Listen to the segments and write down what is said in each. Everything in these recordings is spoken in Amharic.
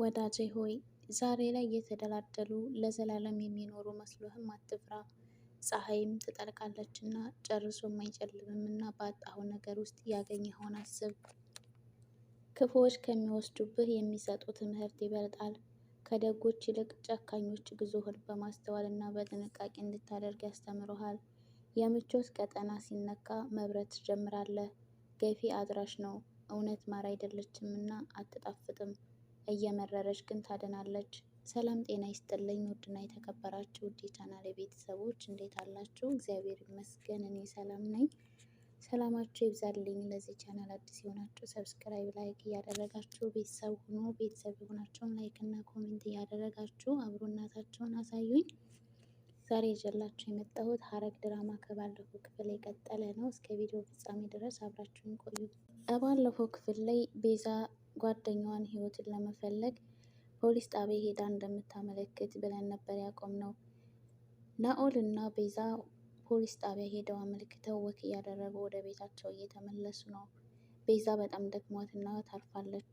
ወዳጄ ሆይ ዛሬ ላይ እየተደላደሉ ለዘላለም የሚኖሩ መስሎህም አትፍራ። ፀሐይም ትጠልቃለች እና ጨርሶ አይጨልምም እና በአጣኸው ነገር ውስጥ ያገኘኸውን አስብ። ክፉዎች ከሚወስዱብህ የሚሰጡ ትምህርት ይበልጣል። ከደጎች ይልቅ ጨካኞች ግዙህን በማስተዋል እና በጥንቃቄ እንድታደርግ ያስተምረሃል። የምቾት ቀጠና ሲነካ መብረት ትጀምራለህ። ገፊ አድራሽ ነው፣ እውነት ማር አይደለችም እና አትጣፍጥም። እየመረረች ግን ታድናለች። ሰላም ጤና ይስጥልኝ ውድና የተከበራችሁ ውድ የቻናል ቤተሰቦች እንዴት አላችሁ? እግዚአብሔር ይመስገን እኔ ሰላም ነኝ። ሰላማችሁ ይብዛልኝ። ለዚህ ቻናል አዲስ የሆናችሁ ሰብስክራይብ፣ ላይክ እያደረጋችሁ ቤተሰብ ሁኑ። ቤተሰብ የሆናችሁን ላይክ እና ኮሜንት እያደረጋችሁ አብሮናታችሁን አሳዩኝ። ዛሬ ይዤላችሁ የመጣሁት ሐረግ ድራማ ከባለፈው ክፍል የቀጠለ ነው። እስከ ቪዲዮ ፍጻሜ ድረስ አብራችሁን ቆዩ። ከባለፈው ክፍል ላይ ቤዛ ጓደኛዋን ህይወትን ለመፈለግ ፖሊስ ጣቢያ ሄዳ እንደምታመለክት ብለን ነበር ያቆም ነው። ናኦል እና ቤዛ ፖሊስ ጣቢያ ሄደው አመልክተው ወክ እያደረጉ ወደ ቤታቸው እየተመለሱ ነው። ቤዛ በጣም ደክሟትና ታርፋለች።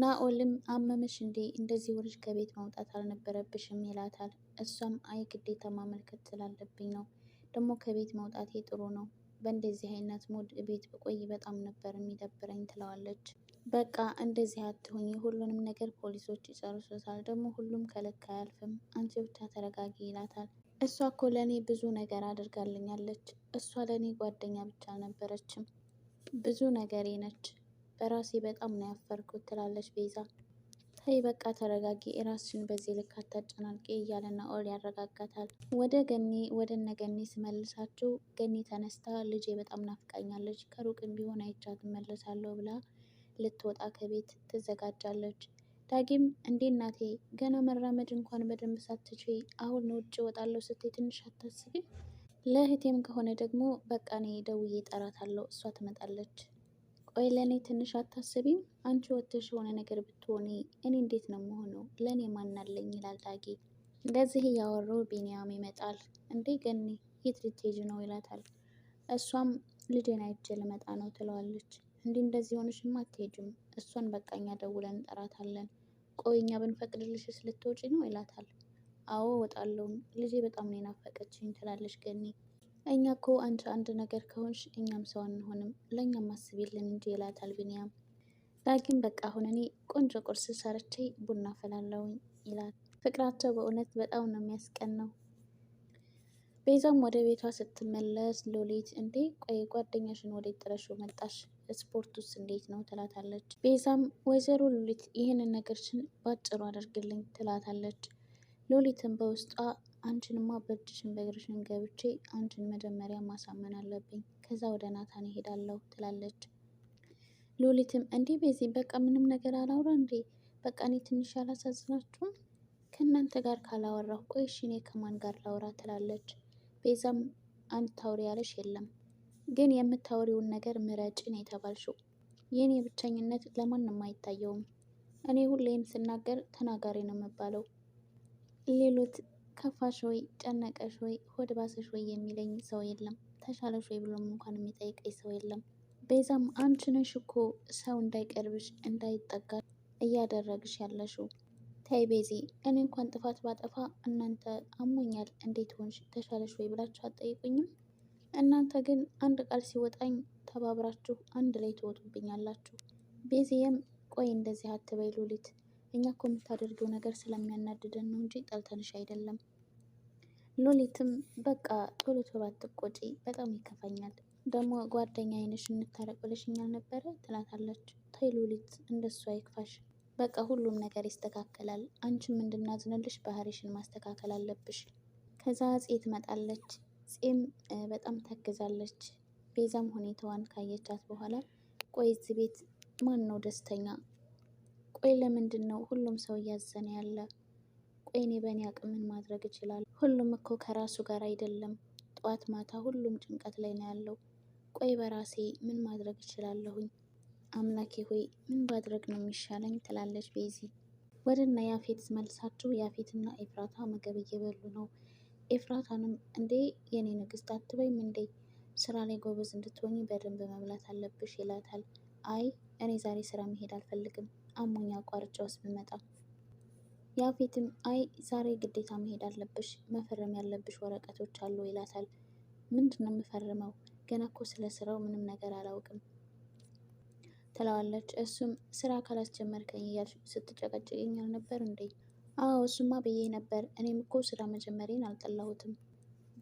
ናኦልም አመመሽ እንዴ እንደዚህ ወርሽ ከቤት መውጣት አልነበረብሽም ይላታል። እሷም አይ ግዴታ ማመልከት ስላለብኝ ነው ደግሞ ከቤት መውጣቴ ጥሩ ነው። በእንደዚህ አይነት ሙድ ቤት ብቆይ በጣም ነበር የሚደብረኝ ትለዋለች። በቃ እንደዚህ አትሆኝ፣ ሁሉንም ነገር ፖሊሶች ይጨርሱታል። ደግሞ ሁሉም ከልክ አያልፍም፣ አንቺ ብቻ ተረጋጊ ይላታል። እሷ እኮ ለእኔ ብዙ ነገር አድርጋልኛለች። እሷ ለእኔ ጓደኛ ብቻ አልነበረችም፣ ብዙ ነገሬ ነች። በራሴ በጣም ነው ያፈርኩት ትላለች ቤዛ። ተይ በቃ ተረጋጊ፣ ራስሽን በዚህ ልክ አታጨናንቂ እያለና ኦል ያረጋጋታል። ወደ ገኔ ወደ እነ ገኒ ስመልሳችሁ ገኔ ተነስታ ልጄ በጣም ናፍቃኛለች፣ ከሩቅም ቢሆን አይቻት እመለሳለሁ ብላ ልትወጣ ከቤት ትዘጋጃለች። ዳጊም እንዴ እናቴ ገና መራመድ እንኳን በደንብ ሳትችይ አሁን ውጭ እወጣለሁ ስትይ ትንሽ አታስቢ? ለእህቴም ከሆነ ደግሞ በቃ እኔ ደውዬ እጠራታለሁ እሷ ትመጣለች። ቆይ ለእኔ ትንሽ አታስቢም? አንቺ ወጥተሽ የሆነ ነገር ብትሆኒ እኔ እንዴት ነው መሆነው? ለእኔ ማናለኝ? ይላል ዳጊ። እንደዚህ እያወሩ ቢኒያም ይመጣል። እንዴ ገኒ የት ልትሄጂ ነው? ይላታል። እሷም ልጄን አይቼ ልመጣ ነው ትለዋለች። እንዲህ እንደዚህ ሆነሽማ አትሄጂም፣ እሷን በቃ እኛ ደውለን እንጠራታለን። ቆይ እኛ ብንፈቅድልሽስ ልትወጪ ነው ይላታል። አዎ እወጣለሁ፣ ልጄ በጣም ነው የናፈቀችኝ ትላለች ገኒ። እኛ እኮ አንቺ አንድ ነገር ከሆንሽ እኛም ሰው አንሆንም፣ ለእኛም አስቢልን እንጂ ይላታል ቢኒያም። ዳግም በቃ አሁን እኔ ቆንጆ ቁርስ ሰርቼ ቡና ፈላለውኝ ይላል። ፍቅራቸው በእውነት በጣም ነው የሚያስቀናው። ቤዛም ወደ ቤቷ ስትመለስ ሎሊት እንዴ ቆይ ጓደኛሽን ወደ ጥረሹ መጣሽ ስፖርት ውስጥ እንዴት ነው ትላታለች። ቤዛም ወይዘሮ ሉሊት ይህንን ነገርሽን ባጭሩ አድርግልኝ ትላታለች። ሉሊትን በውስጧ አንቺንማ በእጅሽን በእግርሽን ገብቼ አንቺን መጀመሪያ ማሳመን አለብኝ፣ ከዛ ወደ ናታን እሄዳለሁ ትላለች። ሉሊትም እንዲህ ቤዚ በቃ ምንም ነገር አላውራ እንዴ በቃ እኔ ትንሽ አላሳዝናችሁም? ከእናንተ ጋር ካላወራሁ ቆይ እኔ ከማን ጋር ላውራ ትላለች። ቤዛም አንድ ታውሪ ያለሽ የለም ግን የምታወሪውን ነገር ነው የተባልሽው የኔ ብቸኝነት ለማንም አይታየውም። እኔ ሁሌም ስናገር ተናጋሪ ነው የምባለው። ሌሎት ከፋሽ ወይ ጨነቀሽ ወይ ሆድ ባሰሽ ወይ የሚለኝ ሰው የለም። ተሻለሽ ወይ ብሎም እንኳን የሚጠይቀኝ ሰው የለም። በዛም አንቺ ነሽ እኮ ሰው እንዳይቀርብሽ እንዳይጠጋ እያደረግሽ ያለሽው። ተይ ቤዚ፣ እኔ እንኳን ጥፋት ባጠፋ እናንተ አሞኛል እንዴት ሆንሽ ተሻለሽ ወይ ብላችሁ አትጠይቁኝም? እናንተ ግን አንድ ቃል ሲወጣኝ ተባብራችሁ አንድ ላይ ትወጡብኛላችሁ። ቤዚየም ቆይ እንደዚህ አትበይ ሉሊት፣ እኛ እኮ የምታደርገው ነገር ስለሚያናድደን ነው እንጂ ጠልተንሽ አይደለም። ሉሊትም በቃ ቶሎ ቶሎ አትቆጪ፣ በጣም ይከፋኛል። ደግሞ ጓደኛ አይነሽ እንታረቅ ብለሽኛል ነበረ ትላታለች። ተይ ሉሊት፣ እንደሱ አይክፋሽ። በቃ ሁሉም ነገር ይስተካከላል። አንቺም እንድናዝንልሽ ባህሪሽን ማስተካከል አለብሽ። ከዛ አፄ ትመጣለች። ጺም በጣም ታግዛለች። ቤዛም ሁኔታዋን ካየቻት በኋላ ቆይ እዚህ ቤት ማን ነው ደስተኛ? ቆይ ለምንድን ነው ሁሉም ሰው እያዘነ ያለ? ቆይ እኔ በእኔ አቅም ምን ማድረግ ይችላል? ሁሉም እኮ ከራሱ ጋር አይደለም። ጠዋት ማታ ሁሉም ጭንቀት ላይ ነው ያለው። ቆይ በራሴ ምን ማድረግ እችላለሁኝ? አምላኬ ሆይ ምን ባድረግ ነው የሚሻለኝ? ትላለች ቤዚ። ወደና ያፌት መልሳችሁ ያፌትና ኤፍራታ ምግብ እየበሉ ነው። ኤፍራታንም እንዴ የኔ ንግስት አትበይም እንዴ ስራ ላይ ጎበዝ እንድትሆኝ በደንብ መብላት አለብሽ ይላታል። አይ እኔ ዛሬ ስራ መሄድ አልፈልግም አሞኝ አቋርጬ ውስጥ ብመጣ ያፌትም አይ ዛሬ ግዴታ መሄድ አለብሽ መፈረም ያለብሽ ወረቀቶች አሉ ይላታል። ምንድን ነው የምፈርመው ገና እኮ ስለ ስራው ምንም ነገር አላውቅም ትለዋለች። እሱም ስራ ካላስጀመርከኝ እያልሽ ስትጨቀጭቅኝ አልነበር እንዴ አዎ እሱማ ብዬ ነበር። እኔም እኮ ስራ መጀመሪን አልጠላሁትም፣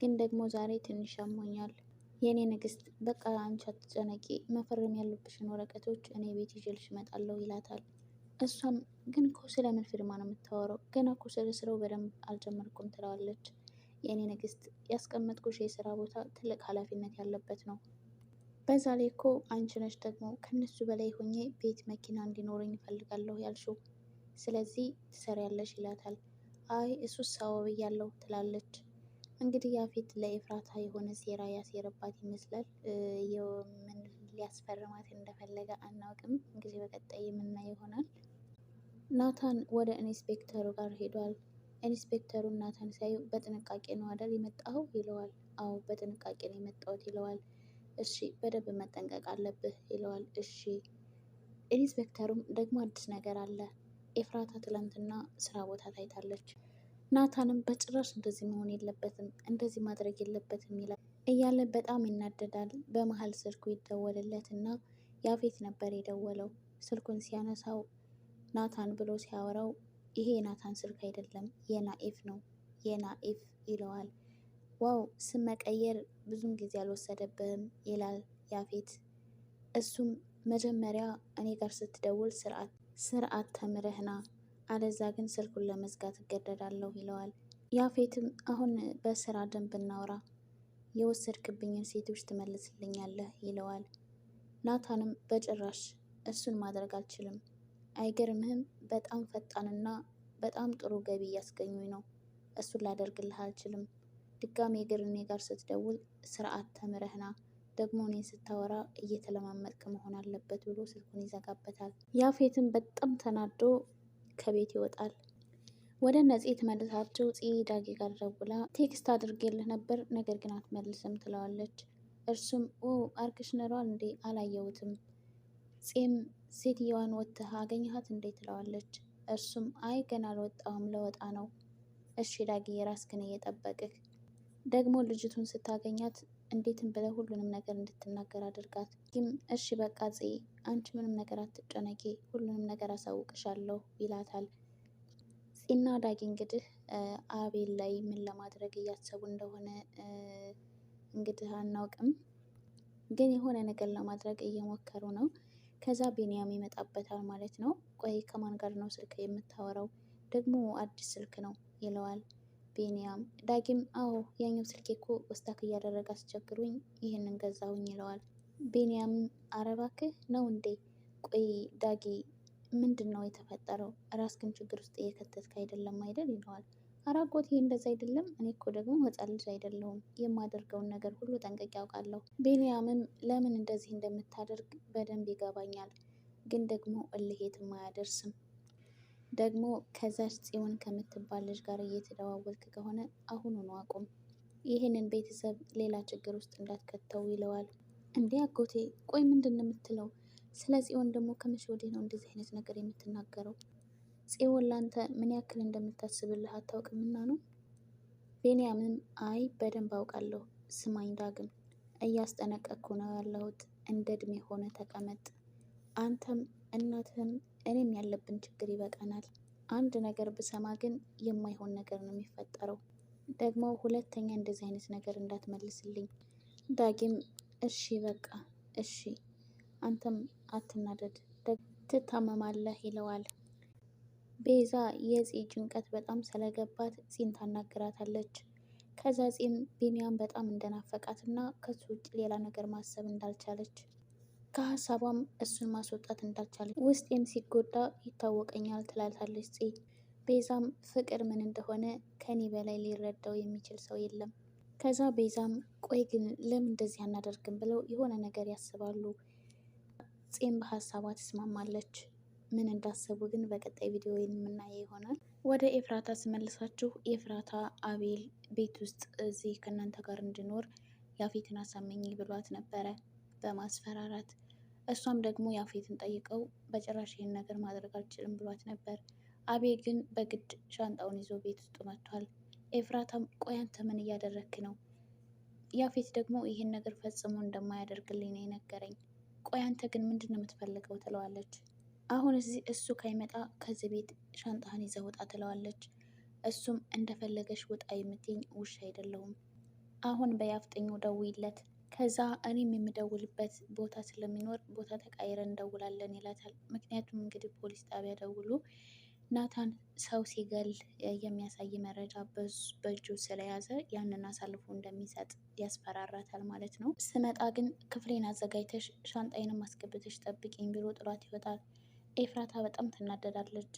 ግን ደግሞ ዛሬ ትንሽ አሞኛል። የእኔ ንግስት፣ በቃ አንቺ አትጨነቂ፣ መፈረም ያሉብሽን ወረቀቶች እኔ ቤት ይዤልሽ እመጣለሁ ይላታል። እሷም ግን እኮ ስለምን ፊርማ ነው የምታወራው? ገና እኮ ስለ ስራው በደንብ አልጀመርኩም ትለዋለች። የእኔ ንግስት፣ ያስቀመጥኩሽ የስራ ቦታ ትልቅ ኃላፊነት ያለበት ነው። በዛ ላይ እኮ አንቺ ነሽ ደግሞ ከነሱ በላይ ሆኜ ቤት መኪና እንዲኖረኝ እፈልጋለሁ ያልሽው ስለዚህ ትሰሪያለሽ ይላታል። አይ እሱ ሰው ብያለሁ ትላለች። እንግዲህ ያፌት ለኤፍራታ የሆነ ሴራ ያሴረባት ይመስላል። ምን ሊያስፈርማት እንደፈለገ አናውቅም። እንግዲህ በቀጣይ የምናየው ይሆናል። ናታን ወደ ኢንስፔክተሩ ጋር ሄዷል። ኢንስፔክተሩ ናታን ሲያዩ በጥንቃቄ ነው አደል የመጣኸው ይለዋል። አዎ በጥንቃቄ ነው የመጣሁት ይለዋል። እሺ በደንብ መጠንቀቅ አለብህ ይለዋል። እሺ ኢንስፔክተሩም ደግሞ አዲስ ነገር አለ ኤፍራታ ትላንትና ስራ ቦታ ታይታለች። ናታንም በጭራሽ እንደዚህ መሆን የለበትም እንደዚህ ማድረግ የለበትም ይላል እያለ በጣም ይናደዳል። በመሀል ስልኩ ይደወልለት እና ያፌት ነበር የደወለው። ስልኩን ሲያነሳው ናታን ብሎ ሲያወራው ይሄ የናታን ስልክ አይደለም የናኤፍ ነው የናኤፍ ይለዋል። ዋው ስም መቀየር ብዙም ጊዜ አልወሰደብህም ይላል ያፌት። እሱም መጀመሪያ እኔ ጋር ስትደውል ስርዓት ስርዓት ተምረህና አለዛ ግን ስልኩን ለመዝጋት እገደዳለሁ ይለዋል። ያፌትም አሁን በስራ ደንብ እናውራ፣ የወሰድክብኝን ሴቶች ትመልስልኛለህ ይለዋል። ናታንም በጭራሽ እሱን ማድረግ አልችልም፣ አይገርምህም? በጣም ፈጣንና በጣም ጥሩ ገቢ እያስገኙኝ ነው። እሱን ላደርግልህ አልችልም። ድጋሜ እግር ጋር ስትደውል ስርዓት ተምረህና ደግሞ እኔን ስታወራ እየተለማመጥክ መሆን አለበት ብሎ ስልኩን ይዘጋበታል። ያፌትን በጣም ተናዶ ከቤት ይወጣል። ወደ ነፂ ትመልሳቸው። ፂ ዳጊ ጋር ደውላ ቴክስት አድርጌልህ ነበር ነገር ግን አትመልስም ትለዋለች። እርሱም ኦ አርክሽ ነሯል እንዴ አላየሁትም። ፂም ሴትየዋን ወጥተህ አገኘሃት እንዴ ትለዋለች። እርሱም አይ ገና አልወጣሁም ለወጣ ነው። እሺ ዳጊ የራስክን እየጠበቅህ ደግሞ ልጅቱን ስታገኛት እንዴትም ብለ ሁሉንም ነገር እንድትናገር አድርጋት። ግን እሺ በቃ ጽ አንቺ ምንም ነገር አትጨነቂ፣ ሁሉንም ነገር አሳውቅሻለሁ ይላታል። ጽና ዳጊ እንግዲህ አቤል ላይ ምን ለማድረግ እያሰቡ እንደሆነ እንግዲህ አናውቅም፣ ግን የሆነ ነገር ለማድረግ እየሞከሩ ነው። ከዛ ቤንያም ይመጣበታል ማለት ነው። ቆይ ከማን ጋር ነው ስልክ የምታወራው? ደግሞ አዲስ ስልክ ነው ይለዋል። ቢኒያም ዳጊም አዎ ያኛው ስልኬ እኮ ውስታክ እያደረገ አስቸግሩኝ ይህንን ገዛሁኝ ይለዋል። ቢኒያም አረባክህ ነው እንዴ? ቆይ ዳጊ ምንድን ነው የተፈጠረው? ራስክን ችግር ውስጥ እየከተትክ አይደለም አይደል? ይለዋል። ይህ እንደዛ አይደለም። እኔ እኮ ደግሞ ህፃን ልጅ አይደለሁም። የማደርገውን ነገር ሁሉ ጠንቅቄ ያውቃለሁ። ቢኒያምም ለምን እንደዚህ እንደምታደርግ በደንብ ይገባኛል፣ ግን ደግሞ እልሄትም አያደርስም ደግሞ ከዛች ጽዮን ከምትባል ልጅ ጋር እየተደዋወልክ ከሆነ አሁኑኑ አቁም። ይህንን ቤተሰብ ሌላ ችግር ውስጥ እንዳትከተው ይለዋል። እንዴ አጎቴ፣ ቆይ ምንድን ነው የምትለው? ስለ ጽዮን ደግሞ ከመቼ ወዲህ ነው እንደዚህ አይነት ነገር የምትናገረው? ጽዮን ላንተ ምን ያክል እንደምታስብልህ አታውቅምና ነው። ቤንያምም አይ በደንብ አውቃለሁ። ስማኝ ዳግም፣ እያስጠነቀኩ ነው ያለሁት። እንደ እድሜ ሆነ ተቀመጥ አንተም እናትህም እኔም ያለብን ችግር ይበቃናል። አንድ ነገር ብሰማ ግን የማይሆን ነገር ነው የሚፈጠረው። ደግሞ ሁለተኛ እንደዚህ አይነት ነገር እንዳትመልስልኝ። ዳጊም እሺ በቃ እሺ፣ አንተም አትናደድ፣ ትታመማለህ ይለዋል። ቤዛ የፂ ጭንቀት በጣም ስለገባት ፂን ታናግራታለች። ከዛ ጺም ቢኒያም በጣም እንደናፈቃት እና ከሱ ውጭ ሌላ ነገር ማሰብ እንዳልቻለች ከሀሳቧም እሱን ማስወጣት እንዳልቻለች ውስጤም ሲጎዳ ይታወቀኛል ትላታለች ጽ ቤዛም ፍቅር ምን እንደሆነ ከኔ በላይ ሊረዳው የሚችል ሰው የለም። ከዛ ቤዛም ቆይ ግን ለምን እንደዚህ አናደርግም ብለው የሆነ ነገር ያስባሉ። ጽም በሀሳቧ ትስማማለች። ምን እንዳሰቡ ግን በቀጣይ ቪዲዮ የምናየው ይሆናል። ወደ ኤፍራታ ስመልሳችሁ ኤፍራታ አቤል ቤት ውስጥ እዚህ ከእናንተ ጋር እንድኖር ያፌትን አሳመኝ ብሏት ነበረ። በማስፈራራት እሷም ደግሞ ያፌትን ጠይቀው በጭራሽ ይህን ነገር ማድረግ አልችልም ብሏት ነበር። አቤ ግን በግድ ሻንጣውን ይዞ ቤት ውስጥ መጥቷል። ኤፍራታም ቆይ አንተ ምን እያደረክ ነው? ያፌት ደግሞ ይህን ነገር ፈጽሞ እንደማያደርግልኝ ነው የነገረኝ። ቆይ አንተ ግን ምንድን ነው የምትፈልገው? ትለዋለች። አሁን እዚህ እሱ ካይመጣ ከዚህ ቤት ሻንጣህን ይዘህ ውጣ ትለዋለች። እሱም እንደፈለገሽ ውጣ የምትኝ ውሻ አይደለሁም። አሁን በያፍጥኙ ደውይለት ከዛ እኔም የምደውልበት ቦታ ስለሚኖር ቦታ ተቃይረ እንደውላለን ይላታል። ምክንያቱም እንግዲህ ፖሊስ ጣቢያ ደውሉ ናታን ሰው ሲገል የሚያሳይ መረጃ በእጁ ስለያዘ ያንን አሳልፎ እንደሚሰጥ ያስፈራራታል ማለት ነው። ስመጣ ግን ክፍሌን አዘጋጅተሽ ሻንጣይንም አስገብተሽ ጠብቂኝ ብሎ ጥሏት ይወጣል። ኤፍራታ በጣም ትናደዳለች።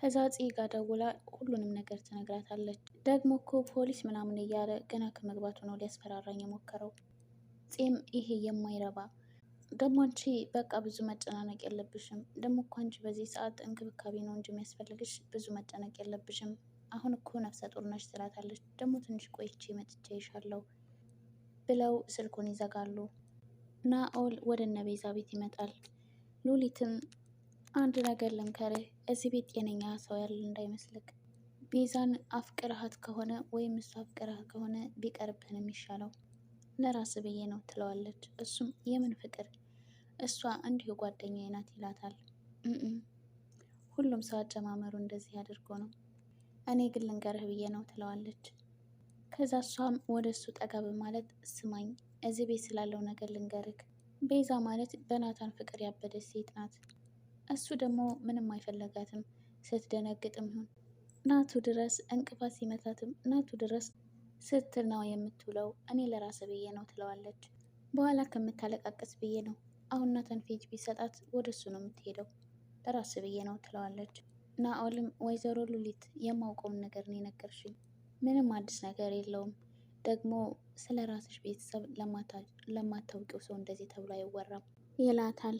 ከዛ ጽ ጋ ደውላ ሁሉንም ነገር ትነግራታለች። ደግሞ እኮ ፖሊስ ምናምን እያለ ገና ከመግባቱ ነው ሊያስፈራራኝ የሞከረው። ጺም ይሄ የማይረባ ደግሞ አንቺ በቃ ብዙ መጨናነቅ የለብሽም። ደግሞ እኮ አንቺ በዚህ ሰዓት እንክብካቤ ነው እንጂ የሚያስፈልግሽ ብዙ መጨነቅ የለብሽም። አሁን እኮ ነፍሰ ጡር ነሽ ትላታለች። ደግሞ ትንሽ ቆይቼ መጥቼ ይሻለው ብለው ስልኩን ይዘጋሉ። ናኦል ወደ እነ ቤዛ ቤት ይመጣል። ሉሊትም አንድ ነገር ልምከርህ፣ እዚህ ቤት ጤነኛ ሰው ያለ እንዳይመስልክ። ቤዛን አፍቅረሃት ከሆነ ወይም እሱ አፍቅርሃት ከሆነ ቢቀርብህ ነው የሚሻለው። ለራስ ብዬ ነው ትለዋለች። እሱም የምን ፍቅር እሷ እንዲሁ ጓደኛዬ ናት ይላታል። ሁሉም ሰው አጀማመሩ እንደዚህ አድርጎ ነው። እኔ ግን ልንገርህ ብዬ ነው ትለዋለች። ከዛ እሷም ወደ እሱ ጠጋ በማለት ስማኝ፣ እዚህ ቤት ስላለው ነገር ልንገርህ። ቤዛ ማለት በናታን ፍቅር ያበደች ሴት ናት። እሱ ደግሞ ምንም አይፈለጋትም። ስትደነግጥም ናቱ ድረስ እንቅፋት ሲመታትም ናቱ ድረስ ስትል ነው የምትውለው። እኔ ለራስ ብዬ ነው ትለዋለች። በኋላ ከምታለቃቀስ ብዬ ነው አሁን ናታን ፌጅ ቢሰጣት ወደ እሱ ነው የምትሄደው። ለራስ ብዬ ነው ትለዋለች። ናኦልም ወይዘሮ ሉሊት የማውቀውን ነገር ነው የነገርሽኝ፣ ምንም አዲስ ነገር የለውም። ደግሞ ስለ ራስሽ ቤተሰብ ለማታውቂው ሰው እንደዚህ ተብሎ አይወራም ይላታል።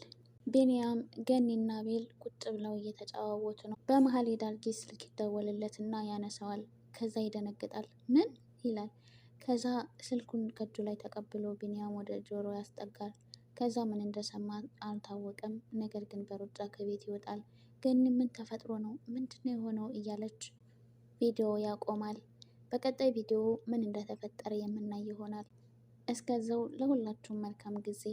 ቢንያም ገኒና ቤል ቁጭ ብለው እየተጫዋወቱ ነው። በመሀል የዳርጌ ስልክ ይደወልለትና ያነሳዋል። ከዛ ይደነግጣል። ምን ይላል። ከዛ ስልኩን ከእጁ ላይ ተቀብሎ ቢንያም ወደ ጆሮ ያስጠጋል። ከዛ ምን እንደሰማ አልታወቀም። ነገር ግን በሩጫ ከቤት ይወጣል። ግን ምን ተፈጥሮ ነው ምንድነው የሆነው እያለች ቪዲዮ ያቆማል። በቀጣይ ቪዲዮ ምን እንደተፈጠረ የምናይ ይሆናል። እስከዛው ለሁላችሁም መልካም ጊዜ